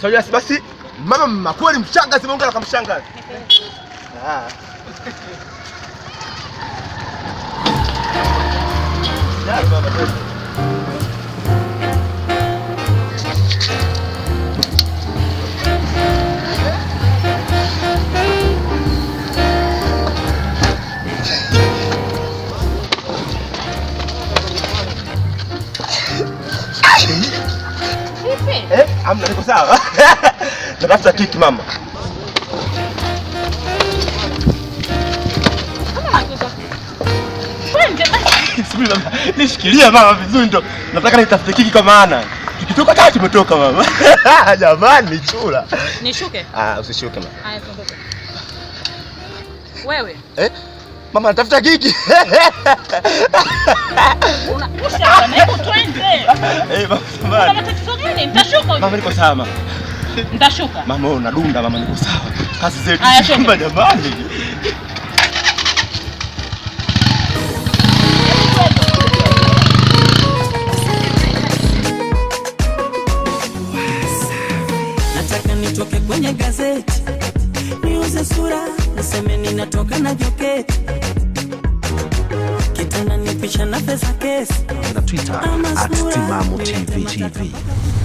Sajasi basi mama kweli mshangazi Mungu akamshangaza. Ah. Eh, amna niko sawa. Natafuta kiki mama. Nishikilia mama vizuri ndo. Nataka nitafute kiki kwa maana. Kikitoka tatu kimetoka mama. Jamani chula. Nishuke? Ah, usishuke mama. Wewe. Eh? Mama natafuta kiki. Una Eh, niko sawa. Mtashuka. Mama wewe unadunda, mama niko sawa. Kazi zetu. Shamba jamani. Nataka nitoke kwenye gazeti. Niuze sura, niseme ninatoka na joketi maisha na pesa kesi na Twitter at Timamu TV. TV.